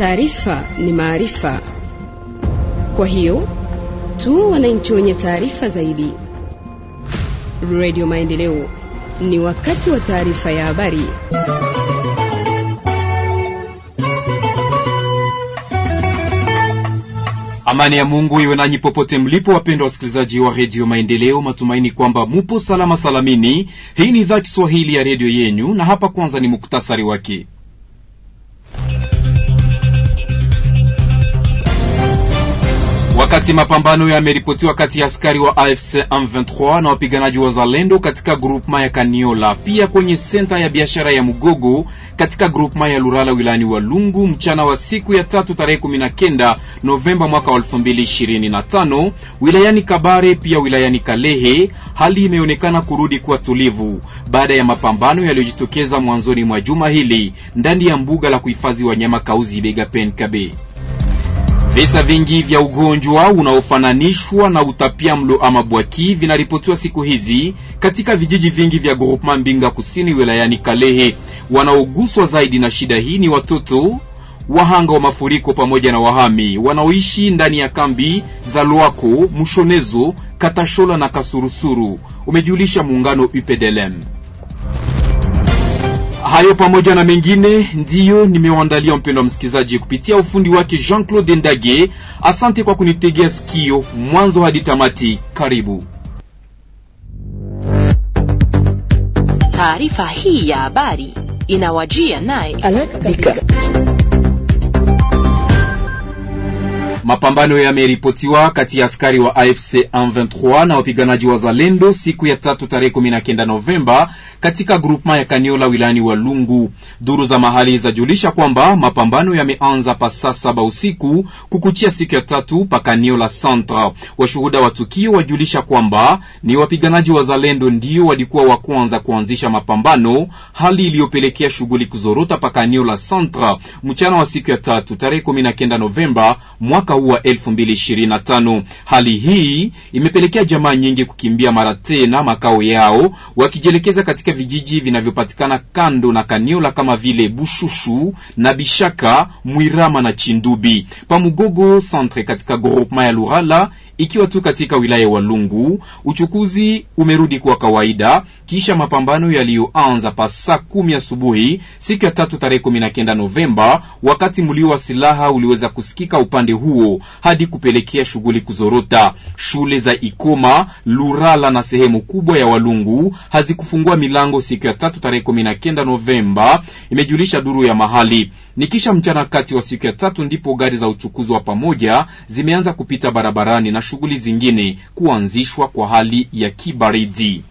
Taarifa ni maarifa, kwa hiyo tu wananchi wenye taarifa zaidi. Radio Maendeleo, ni wakati wa taarifa ya habari. Amani ya Mungu iwe nanyi popote mlipo, wapendwa wasikilizaji wa redio Maendeleo. Matumaini kwamba mupo salama salamini. Hii ni idhaa Kiswahili ya redio yenyu, na hapa kwanza ni muktasari wake. wakati mapambano yameripotiwa kati ya askari wa AFC M23 na wapiganaji wa Zalendo katika grupma ya Kaniola, pia kwenye senta ya biashara ya Mugogo katika grupma ya Lurala wilani wa Lungu mchana wa siku ya tatu tarehe 19 Novemba mwaka 2025, wilayani Kabare pia wilayani Kalehe, hali imeonekana kurudi kuwa tulivu baada ya mapambano yaliyojitokeza mwanzoni mwa juma hili ndani ya mbuga la kuhifadhi wanyama Kauzi Bega Penkabe. Visa vingi vya ugonjwa unaofananishwa na utapia mlo ama bwaki vinaripotiwa siku hizi katika vijiji vingi vya groupema Mbinga Kusini wilayani Kalehe. Wanaoguswa zaidi na shida hii ni watoto wahanga wa mafuriko pamoja na wahami wanaoishi ndani ya kambi za Lwako, Mushonezo, Katashola na Kasurusuru, umejulisha muungano UPDLM. Hayo pamoja na mengine ndiyo nimewaandalia wa msikilizaji, kupitia ufundi wake Jean-Claude Ndage. Asante kwa kunitegea sikio mwanzo hadi tamati. Karibu. Taarifa hii ya habari inawajia naye Mapambano yameripotiwa kati ya askari wa AFC M23 na wapiganaji wa Zalendo siku ya tatu tarehe 19 Novemba katika grupma ya Kaniola wilayani Lungu. Duru za mahali zajulisha kwamba mapambano yameanza pa saa saba usiku kukuchia siku ya tatu pa Kaniola Centre. Washuhuda wa tukio wajulisha kwamba ni wapiganaji wa Zalendo ndio walikuwa wa kwanza kuanzisha mapambano, hali iliyopelekea shughuli kuzorota pa Kaniola Centre mchana wa siku ya tatu tarehe 19 Novemba mwaka mwaka huu wa 2025. Hali hii imepelekea jamaa nyingi kukimbia mara tena makao yao wakijielekeza katika vijiji vinavyopatikana kando na Kaniola kama vile Bushushu na Bishaka, Mwirama na Chindubi. Pamugogo centre katika groupement ya Lurala ikiwa tu katika wilaya wa Walungu uchukuzi umerudi kuwa kawaida kisha mapambano yaliyoanza pasa kumi asubuhi siku ya tatu tarehe kumi na kenda Novemba, wakati mlio wa silaha uliweza kusikika upande huo hadi kupelekea shughuli kuzorota. Shule za Ikoma, Lurala na sehemu kubwa ya Walungu hazikufungua milango siku ya tatu tarehe kumi na kenda Novemba, imejulisha duru ya mahali. Ni kisha mchana kati wa siku ya tatu ndipo gari za uchukuzi wa pamoja zimeanza kupita barabarani na shughuli zingine kuanzishwa kwa hali ya kibaridi.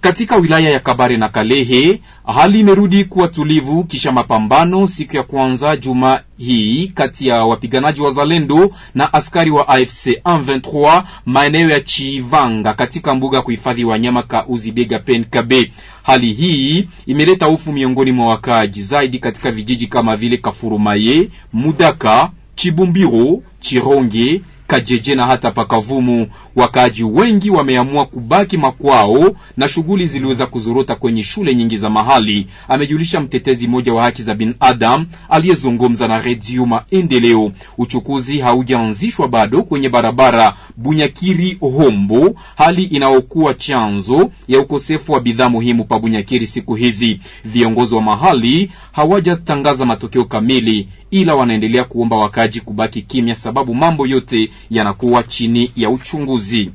Katika wilaya ya Kabare na Kalehe hali imerudi kuwa tulivu kisha mapambano siku ya kwanza juma hii kati ya wapiganaji wa Zalendo na askari wa AFC 23 maeneo ya Chivanga katika mbuga ya kuhifadhi wanyama Kauzi Biega Penkabe. Hali hii imeleta hofu miongoni mwa wakaaji zaidi katika vijiji kama vile Kafurumaye, Mudaka, Chibumbiro, Chironge Kajeje na hata Pakavumu. Wakaaji wengi wameamua kubaki makwao na shughuli ziliweza kuzorota kwenye shule nyingi za mahali, amejulisha mtetezi mmoja wa haki za binadamu aliyezungumza na redio Maendeleo. Uchukuzi haujaanzishwa bado kwenye barabara Bunyakiri Hombo, hali inayokuwa chanzo ya ukosefu wa bidhaa muhimu pa Bunyakiri siku hizi. Viongozi wa mahali hawajatangaza matokeo kamili, ila wanaendelea kuomba wakaji kubaki kimya, sababu mambo yote yanakuwa chini ya uchunguzi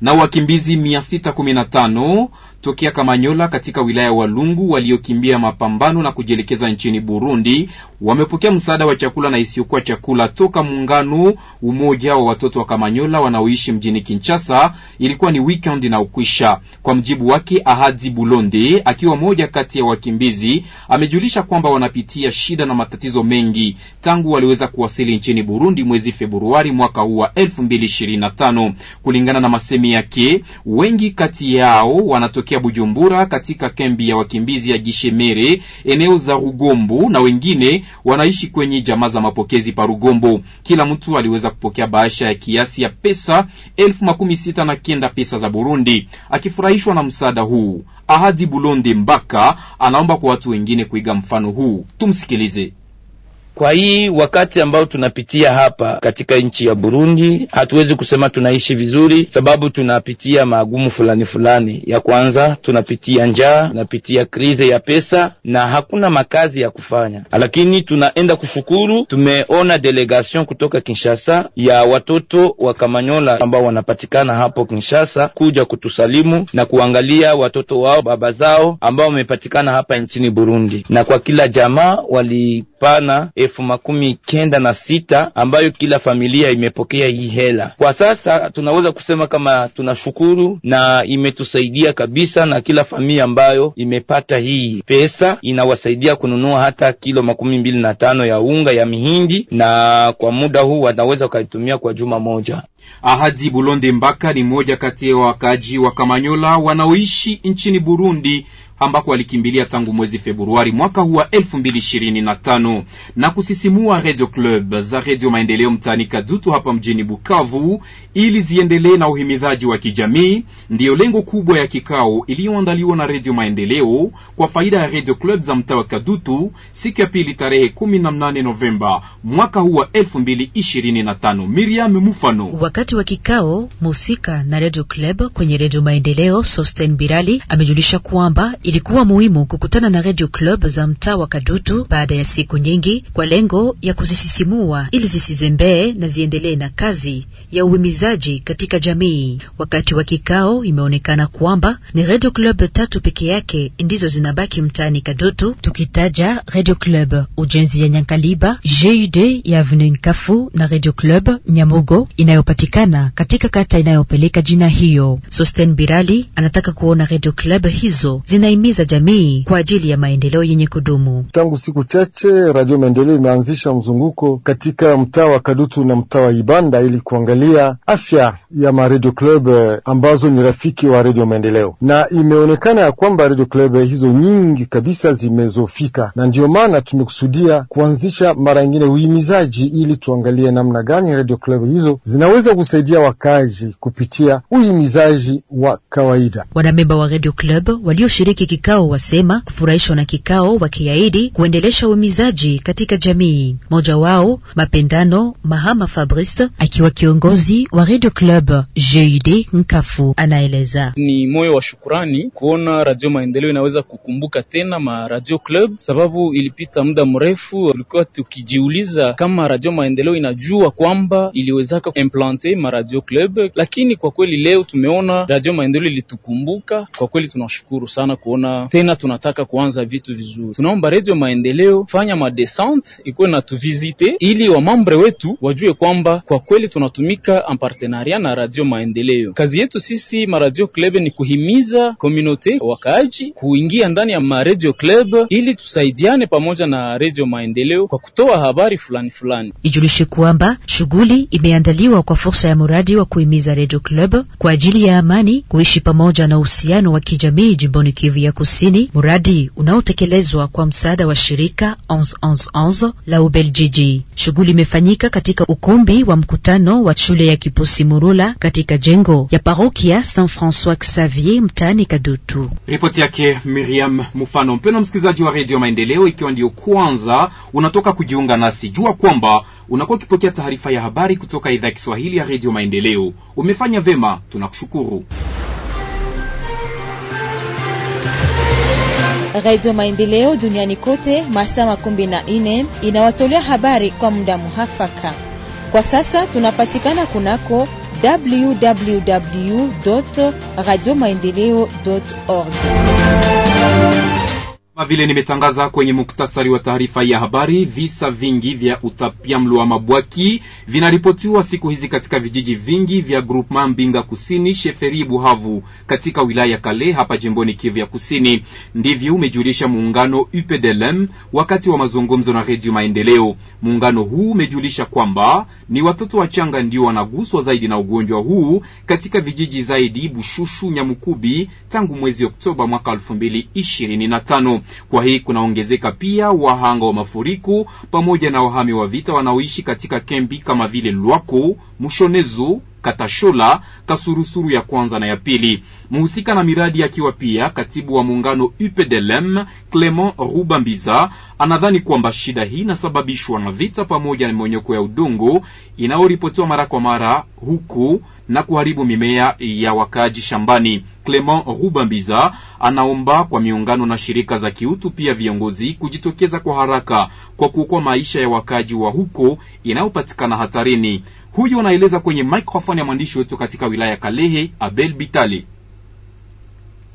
na wakimbizi mia sita kumi na tano tokea Kamanyola katika wilaya wa Walungu waliokimbia mapambano na kujielekeza nchini Burundi wamepokea msaada wa chakula na isiyokuwa chakula toka muungano umoja wa watoto wa Kamanyola wanaoishi mjini Kinshasa. Ilikuwa ni weekend ukwisha. Kwa mjibu wake Ahadi Bulonde, akiwa mmoja kati ya wakimbizi, amejulisha kwamba wanapitia shida na matatizo mengi tangu waliweza kuwasili nchini Burundi mwezi Februari mwaka huu wa 2025. Kulingana na masemi yake, wengi kati yao wanatokea kutokea Bujumbura katika kambi ya wakimbizi ya Gishemere eneo za Rugombo, na wengine wanaishi kwenye jamaa za mapokezi pa Rugombo. Kila mtu aliweza kupokea bahasha ya kiasi ya pesa elfu makumi sita na kenda pesa za Burundi. Akifurahishwa na msaada huu, Ahadi Bulonde Mbaka anaomba kwa watu wengine kuiga mfano huu. Tumsikilize. Kwa hii wakati ambao tunapitia hapa katika nchi ya Burundi, hatuwezi kusema tunaishi vizuri, sababu tunapitia magumu fulani fulani. Ya kwanza tunapitia njaa, tunapitia krize ya pesa na hakuna makazi ya kufanya, lakini tunaenda kushukuru. Tumeona delegation kutoka Kinshasa ya watoto wa Kamanyola ambao wanapatikana hapo Kinshasa kuja kutusalimu na kuangalia watoto wao baba zao ambao wamepatikana hapa nchini Burundi, na kwa kila jamaa walipana elfu makumi kenda na sita ambayo kila familia imepokea hii hela. Kwa sasa tunaweza kusema kama tunashukuru na imetusaidia kabisa, na kila familia ambayo imepata hii pesa inawasaidia kununua hata kilo makumi mbili na tano ya unga ya mihindi, na kwa muda huu wanaweza wakaitumia kwa juma moja. Ahadi Bulonde Mbaka ni mmoja kati ya wakaaji wa Kamanyola wanaoishi nchini Burundi ambako walikimbilia tangu mwezi Februari mwaka huu wa elfu mbili ishirini na tano na kusisimua radio club za Radio Maendeleo mtaani Kadutu hapa mjini Bukavu ili ziendelee na uhimidhaji wa kijamii, ndiyo lengo kubwa ya kikao iliyoandaliwa na Radio Maendeleo kwa faida ya radio club za mtaa wa Kadutu siku ya pili tarehe 18 Novemba mwaka huu wa elfu mbili ishirini na tano. Miriam Mufano Wakati wa kikao mhusika na Radio Club kwenye Redio Maendeleo, Sosten Birali amejulisha kwamba ilikuwa muhimu kukutana na Radio Club za mtaa wa Kadutu baada ya siku nyingi, kwa lengo ya kuzisisimua ili zisizembee na ziendelee na kazi ya uhimizaji katika jamii. Wakati wa kikao, imeonekana kwamba ni Radio Club tatu peke yake ndizo zinabaki mtaani Kadutu, tukitaja Radio Club Ujenzi ya Nyankaliba, JUD ya Avenue Nkafu na Radio Club Nyamugo inayopatikana inapatikana katika kata inayopeleka jina hiyo. Sosten Birali anataka kuona Radio Club hizo zinahimiza jamii kwa ajili ya maendeleo yenye kudumu. Tangu siku chache, Radio Maendeleo imeanzisha mzunguko katika mtaa wa Kadutu na mtaa wa Ibanda ili kuangalia afya ya maredio club eh, ambazo ni rafiki wa Radio Maendeleo, na imeonekana ya kwamba Radio Club hizo nyingi kabisa zimezofika, na ndiyo maana tumekusudia kuanzisha mara ingine uhimizaji ili tuangalie namna gani Radio Club hizo zinaweza kuweza kusaidia wakazi kupitia uhimizaji wa kawaida. Wanamemba wa Radio Club walioshiriki kikao wasema kufurahishwa na kikao, wakiahidi kuendelesha uhimizaji katika jamii. Mmoja wao Mapendano Mahama Fabrice akiwa kiongozi wa Radio Club JUD Nkafu anaeleza ni moyo wa shukurani kuona Radio Maendeleo inaweza kukumbuka tena ma Radio Club, sababu ilipita muda mrefu tulikuwa tukijiuliza kama Radio Maendeleo inajua kwamba iliwezaka ma maradio club, lakini kwa kweli leo tumeona radio maendeleo ilitukumbuka. Kwa kweli tunashukuru sana kuona tena tunataka kuanza vitu vizuri. Tunaomba radio maendeleo fanya madesante ikuwe na tuvizite, ili wamambre wetu wajue kwamba kwa kweli tunatumika en partenariat na radio maendeleo. Kazi yetu sisi maradio club ni kuhimiza community wakaaji kuingia ndani ya Radio club ili tusaidiane pamoja na radio maendeleo kwa kutoa habari fulani fulani. Ijulishe kwamba shughuli imeandaliwa kwa fursa ya mradi wa kuhimiza Radio Club kwa ajili ya amani, kuishi pamoja na uhusiano wa kijamii jimboni Kivu ya Kusini, mradi unaotekelezwa kwa msaada wa shirika 1111 la Ubeljiji. Shughuli imefanyika katika ukumbi wa mkutano wa shule ya Kipusi Murula katika jengo ya parokia Saint Francois Xavier mtaani Kadutu. Ripoti yake Miriam Mufano. Mpendwa msikilizaji wa Radio Maendeleo, ikiwa ndiyo kwanza unatoka kujiunga nasi, jua kwamba unakuwa ukipokea taarifa ya habari kutoka idhaa ya Kiswahili kupitia Redio Maendeleo. Umefanya vema, tunakushukuru. Redio Maendeleo duniani kote masaa 14 inawatolea habari kwa muda muhafaka. Kwa sasa tunapatikana kunako www radio maendeleo org kama vile nimetangaza kwenye muktasari wa taarifa ya habari, visa vingi vya utapiamlo wa mabwaki vinaripotiwa siku hizi katika vijiji vingi vya Grupema Mbinga Kusini, Sheferi, Buhavu katika wilaya Kale hapa jimboni Kivu ya Kusini. Ndivyo umejulisha muungano UPDLM wakati wa mazungumzo na Redio Maendeleo. Muungano huu umejulisha kwamba ni watoto wachanga ndio wanaguswa zaidi na ugonjwa huu katika vijiji zaidi Bushushu, Nyamukubi tangu mwezi Oktoba mwaka 2025. Kwa hii kunaongezeka pia wahanga wa mafuriko pamoja na wahami wa vita wanaoishi katika kembi kama vile Lwaku, Mushonezu, Katashula kasurusuru ya kwanza na ya pili. Mhusika na miradi akiwa pia katibu wa muungano UPDLM Clement Rubambiza anadhani kwamba shida hii inasababishwa na vita pamoja na mmonyoko ya udongo inayoripotiwa mara kwa mara huku na kuharibu mimea ya wakaaji shambani. Clement Rubambiza anaomba kwa miungano na shirika za kiutu pia viongozi kujitokeza kwa haraka kwa kuokoa maisha ya wakaaji wa huko inayopatikana hatarini. Huyu anaeleza kwenye microphone ya mwandishi wetu katika wilaya ya Kalehe, Abel Bitali.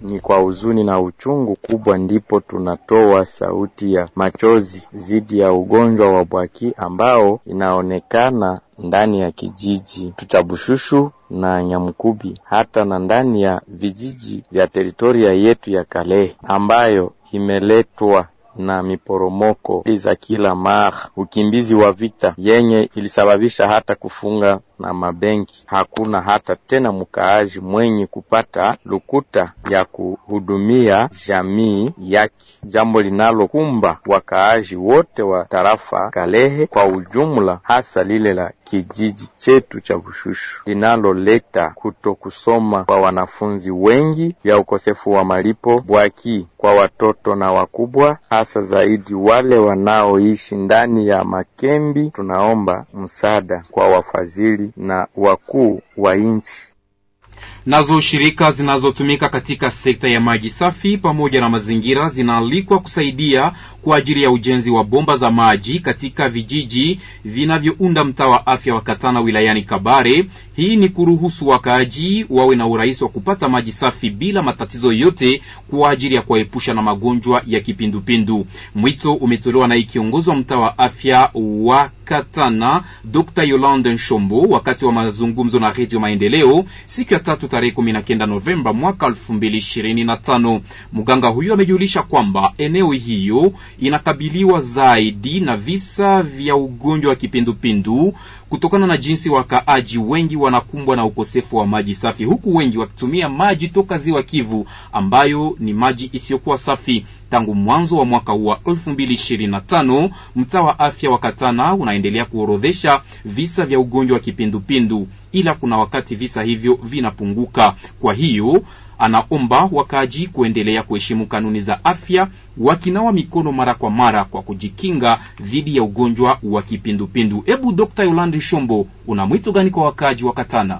Ni kwa huzuni na uchungu kubwa ndipo tunatoa sauti ya machozi dhidi ya ugonjwa wa bwaki ambao inaonekana ndani ya kijiji Tutabushushu na Nyamkubi, hata na ndani ya vijiji vya teritoria yetu ya Kalehe ambayo imeletwa na miporomoko za kila mara, ukimbizi wa vita yenye ilisababisha hata kufunga na mabenki. Hakuna hata tena mkaaji mwenye kupata lukuta ya kuhudumia jamii yake, jambo linalokumba wakaaji wote wa tarafa Kalehe kwa ujumla, hasa lile la kijiji chetu cha Bushushu linaloleta kutokusoma kwa wanafunzi wengi ya ukosefu wa malipo bwaki kwa watoto na wakubwa, hasa zaidi wale wanaoishi ndani ya makembi. Tunaomba msaada kwa wafadhili na wakuu wa nchi. Nazo shirika zinazotumika katika sekta ya maji safi pamoja na mazingira zinaalikwa kusaidia kwa ajili ya ujenzi wa bomba za maji katika vijiji vinavyounda mtaa wa afya wa Katana wilayani Kabare. Hii ni kuruhusu wakaaji wawe na urahisi wa kupata maji safi bila matatizo yote kwa ajili ya kuwaepusha na magonjwa ya kipindupindu. Mwito umetolewa na kiongozi wa mtaa wa afya wa Katana Dr. Yolande Nshombo wakati wa mazungumzo na Radio Maendeleo siku ya tatu tarehe kumi na kenda Novemba mwaka elfu mbili ishirini na tano. Mganga huyo amejulisha kwamba eneo hiyo inakabiliwa zaidi na visa vya ugonjwa wa kipindupindu kutokana na jinsi wakaaji wengi wanakumbwa na ukosefu wa maji safi, huku wengi wakitumia maji toka ziwa Kivu ambayo ni maji isiyokuwa safi. Tangu mwanzo wa mwaka huu wa elfu mbili ishirini na tano mtaa wa afya wa Katana una unaendelea kuorodhesha visa vya ugonjwa wa kipindupindu, ila kuna wakati visa hivyo vinapunguka. Kwa hiyo anaomba wakaaji kuendelea kuheshimu kanuni za afya, wakinawa mikono mara kwa mara kwa kujikinga dhidi ya ugonjwa wa kipindupindu. Hebu Dr. Yolandi Shombo, una mwito gani kwa wakaaji wa Katana?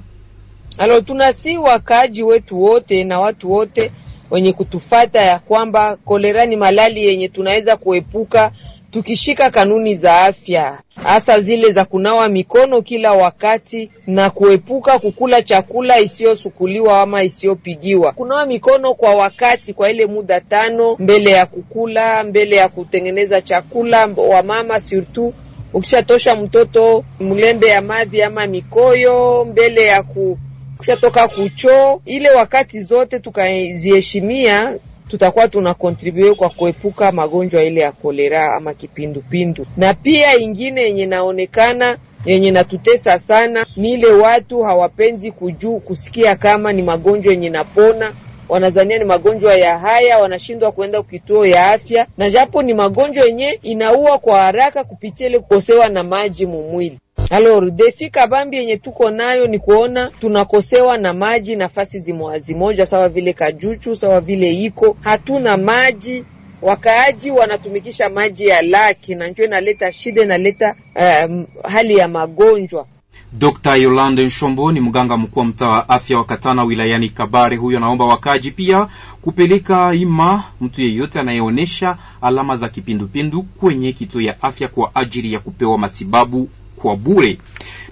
Alo, tunasi wakaaji wetu wote na watu wote wenye kutufata ya kwamba kolera ni malali yenye tunaweza kuepuka tukishika kanuni za afya, hasa zile za kunawa mikono kila wakati na kuepuka kukula chakula isiyosukuliwa ama isiyopigiwa. Kunawa mikono kwa wakati, kwa ile muda tano, mbele ya kukula, mbele ya kutengeneza chakula, wa mama surtout ukishatosha mtoto mlembe ya maji ama mikoyo mbele ya ku ukishatoka kuchoo, ile wakati zote tukaziheshimia tutakuwa tuna kontribue kwa kuepuka magonjwa ile ya kolera ama kipindupindu. Na pia ingine yenye naonekana yenye natutesa sana ni ile watu hawapendi kujuu kusikia kama ni magonjwa yenye napona wanazania ni magonjwa ya haya, wanashindwa kuenda kituo ya afya, na japo ni magonjwa yenye inaua kwa haraka kupitia ile kukosewa na maji mumwili. Alors defi kabambi yenye tuko nayo ni kuona tunakosewa na maji nafasi moja sawa vile Kajuchu, sawa vile iko hatuna maji wakaaji wanatumikisha maji ya laki na njo inaleta shida, inaleta um, hali ya magonjwa. Dr. Yolande Nshombo ni mganga mkuu wa mtaa wa afya wa Katana wilayani Kabare. Huyo anaomba wakaji pia kupeleka ima mtu yeyote anayeonyesha alama za kipindupindu kwenye kituo ya afya kwa ajili ya kupewa matibabu kwa bure.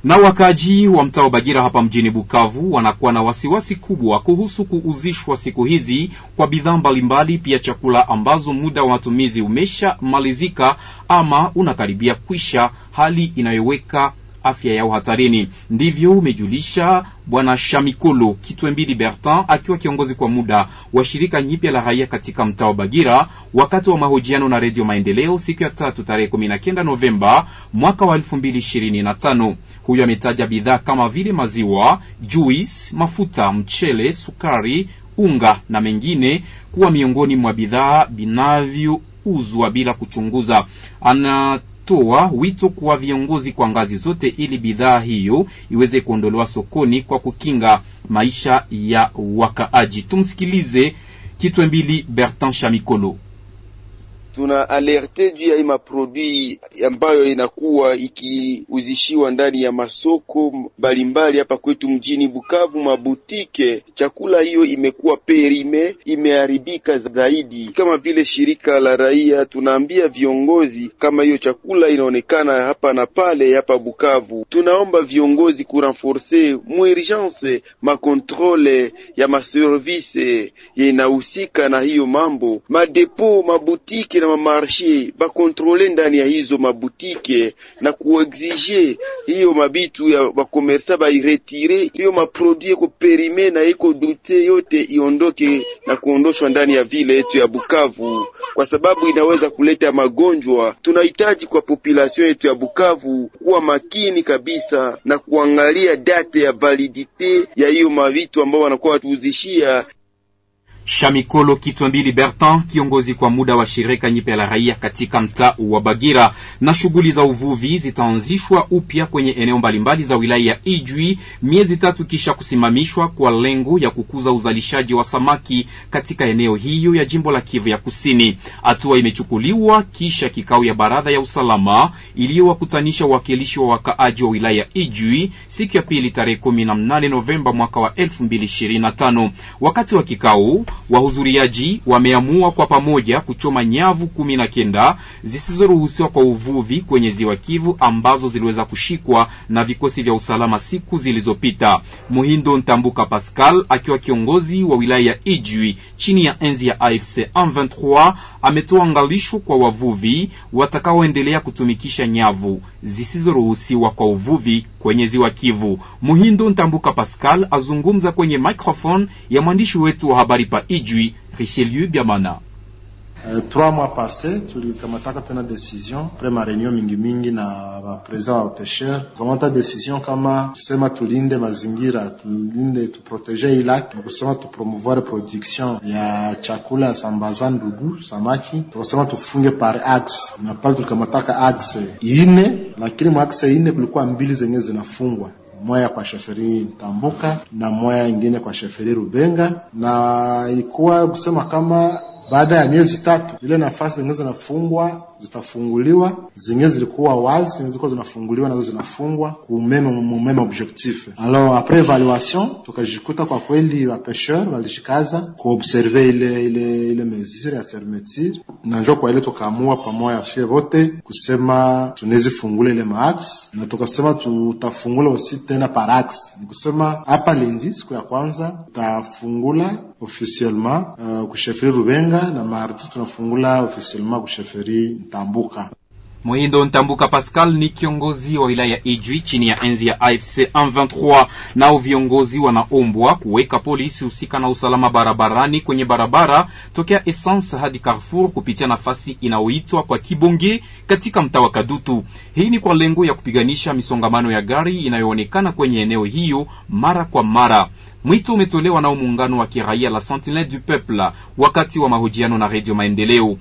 Na wakaaji wa mtaa wa Bagira hapa mjini Bukavu wanakuwa na wasiwasi kubwa kuhusu kuuzishwa siku hizi kwa bidhaa mbalimbali, pia chakula ambazo muda wa matumizi umeshamalizika ama unakaribia kwisha, hali inayoweka afya yao hatarini. Ndivyo umejulisha Bwana Shamikolo Kitwembili bertan akiwa kiongozi kwa muda wa shirika nyipya la raia katika mtaa wa Bagira wakati wa mahojiano na Redio Maendeleo siku ya tatu tarehe 19 Novemba mwaka wa 2025. Huyo ametaja bidhaa kama vile maziwa, juice, mafuta, mchele, sukari, unga na mengine kuwa miongoni mwa bidhaa binavyouzwa bila kuchunguza ana kutoa wito kwa viongozi kwa ngazi zote ili bidhaa hiyo iweze kuondolewa sokoni kwa kukinga maisha ya wakaaji. Tumsikilize Kitwembili Bertrand Shamikolo tuna alerte juu ya maprodui ambayo inakuwa ikiuzishiwa ndani ya masoko mbalimbali hapa kwetu mjini Bukavu, mabutike. Chakula hiyo imekuwa perime, imeharibika zaidi. Kama vile shirika la raia, tunaambia viongozi kama hiyo chakula inaonekana hapa na pale hapa Bukavu, tunaomba viongozi kurenforce muurgence makontrole ya maservise yenahusika na hiyo mambo, madepo mabutike na mamarshe bakontrole ndani ya hizo mabutike na kuexige hiyo mabitu ya bakomersa bairetire hiyo maprodui eko perime na eko dute yote iondoke na kuondoshwa ndani ya vile yetu ya Bukavu, kwa sababu inaweza kuleta magonjwa. Tunahitaji kwa population yetu ya Bukavu kuwa makini kabisa na kuangalia date ya validite ya hiyo mavitu ambao wanakuwa watuuzishia. Shamikolo Kitwambili bertan kiongozi kwa muda wa shirika nyipe la raia katika mtaa wa Bagira. Na shughuli za uvuvi zitaanzishwa upya kwenye eneo mbalimbali za wilaya ya Ijwi miezi tatu kisha kusimamishwa kwa lengo ya kukuza uzalishaji wa samaki katika eneo hiyo ya jimbo la Kivu ya Kusini. Hatua imechukuliwa kisha kikao ya baraza ya usalama iliyowakutanisha wakilishi wa wakaaji wa wilaya ya Ijwi siku ya pili tarehe 18 Novemba mwaka wa 2025. Wakati wa kikao wahudhuriaji wameamua kwa pamoja kuchoma nyavu kumi na kenda zisizoruhusiwa kwa uvuvi kwenye ziwa Kivu ambazo ziliweza kushikwa na vikosi vya usalama siku zilizopita. Muhindo Ntambuka Pascal akiwa kiongozi wa wilaya ya Ijwi chini ya enzi ya AFC M23 ametoa angalisho kwa wavuvi watakaoendelea kutumikisha nyavu zisizoruhusiwa kwa uvuvi kwenye ziwa Kivu. Muhindo Ntambuka Pascal azungumza kwenye microphone ya mwandishi wetu wa habari pa wa Ijwi Riseliu Biamana. Euh, trois mois passés une tena après ma réunion mingi mingi na présent waprezida ma pesheur kamata decision kama tusema tulinde mazingira tulinde tuprotege ilaki promouvoir la production ya chakula ya sambaza ndugu samaki tu tufunge par axe na pale kamataka axe ine lakini mwa axe ine kulikuwa mbili zenye zinafungwa moya kwa sheferi Ntambuka na moya ingine kwa sheferi Rubenga, na ilikuwa kusema kama baada ya miezi tatu ile nafasi zingine zinafungwa zitafunguliwa, zingine zilikuwa wazi, zingine zilikuwa zinafunguliwa, nazo zinafungwa mu meme objectif. Alors après evaluation tukajikuta kwa kweli walishikaza ku kuobserve ile ile ile mesure ya fermeture, na njoo kwa ile tukaamua pamoja sie vote kusema tunezifungula ile max, na tukasema tutafungula osi tena parax, ni kusema hapa lendi siku ya kwanza tutafungula officiellement uh, kusheferi Rubenga na mardi tunafungula officiellement kusheferi Tambuka. Mwindo Ntambuka Pascal ni kiongozi wa wilaya Ijwi chini ya enzi ya AFC 23. Nao viongozi wanaombwa kuweka polisi husika na usalama barabarani kwenye barabara tokea Essence hadi Carrefour kupitia nafasi inayoitwa kwa Kibonge katika mtaa wa Kadutu. Hii ni kwa lengo ya kupiganisha misongamano ya gari inayoonekana kwenye eneo hiyo mara kwa mara. Mwito umetolewa nao muungano wa kiraia la Sentinelle du Peuple wakati wa mahojiano na Radio Maendeleo.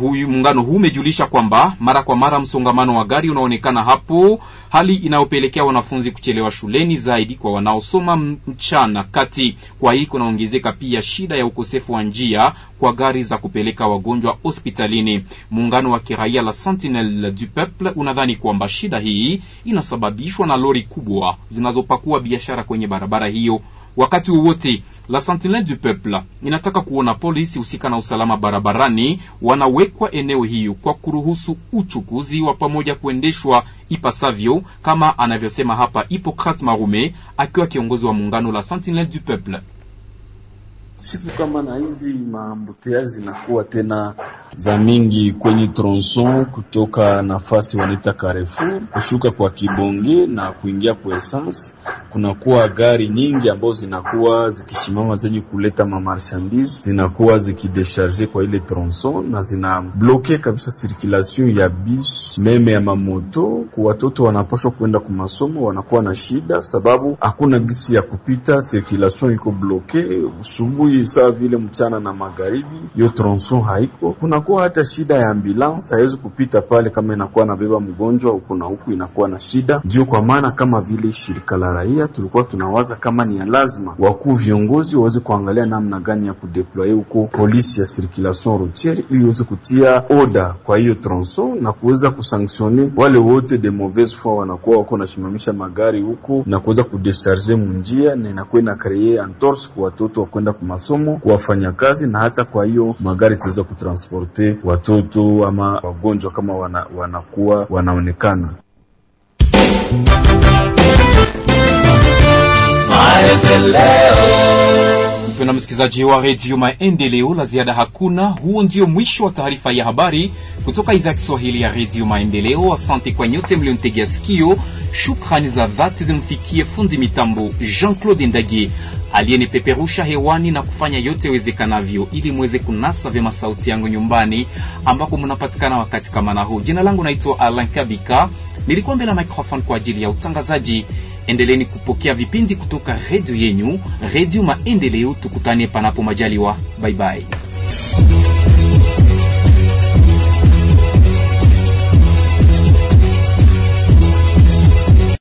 Huyu muungano huu umejulisha kwamba mara kwa mara msongamano wa gari unaonekana hapo, hali inayopelekea wanafunzi kuchelewa shuleni zaidi kwa wanaosoma mchana kati. Kwa hii kunaongezeka pia shida ya ukosefu wa njia kwa gari za kupeleka wagonjwa hospitalini. Muungano wa kiraia la Sentinel du Peuple unadhani kwamba shida hii inasababishwa na lori kubwa zinazopakua biashara kwenye barabara hiyo wakati wowote. La Sentinel du Peuple inataka kuona polisi husika na usalama barabarani wanawekwa eneo hiyo kwa kuruhusu uchukuzi wa pamoja kuendeshwa ipasavyo, kama anavyosema hapa Hippocrate Marume akiwa kiongozi wa muungano la Sentinel du Peuple siku kama na hizi maambutea zinakuwa tena za mingi kwenye tronson kutoka nafasi wanaita Carrefour kushuka kwa Kibonge na kuingia kwa Essence, kunakuwa gari nyingi ambazo zinakuwa zikisimama zenye kuleta mamarchandise zinakuwa zikidesharge kwa ile tronson na zina bloke kabisa circulation ya bus meme ya mamoto. Kwa watoto wanapaswa kwenda kwa masomo wanakuwa na shida, sababu hakuna gisi ya kupita, circulation iko bloke usubu asubuhi sawa vile mchana na magharibi, hiyo tronson haiko, kunakuwa hata shida ya ambulance haiwezi kupita pale, kama inakuwa nabeba mgonjwa huku na huku inakuwa na shida. Ndio kwa maana kama vile shirika la raia tulikuwa tunawaza kama ni ya lazima wakuu viongozi waweze kuangalia namna gani ya kudeploye huko polisi ya circulation routiere ili iweze kutia oda kwa hiyo tronson na kuweza kusanksione wale wote de mauvaise foi wanakuwa wako nasimamisha magari huko na kuweza kudesharge munjia na inakuwa na kreye entorse kwa watoto wakwenda kuma masomo kuwafanya kazi na hata kwa hiyo magari itaweza kutransporte watoto ama wagonjwa kama wana, wanakuwa wanaonekana. Mpendwa msikilizaji wa redio Maendeleo, la ziada hakuna. Huo ndio mwisho wa taarifa ya habari kutoka idhaa ya Kiswahili ya redio Maendeleo. Asante kwa nyote mliontegea sikio. Shukrani za dhati zimfikie fundi mitambo Jean Claude Ndage aliyenipeperusha hewani na kufanya yote iwezekanavyo ili mweze kunasa vyema sauti yangu nyumbani ambako mnapatikana wakati kama na huu. Jina langu naitwa Alan Kabika, nilikuwa mbele ya microphone kwa ajili ya utangazaji. Endeleeni kupokea vipindi kutoka redio yenyu, Redio Maendeleo. Tukutane panapo majaliwa, baibai.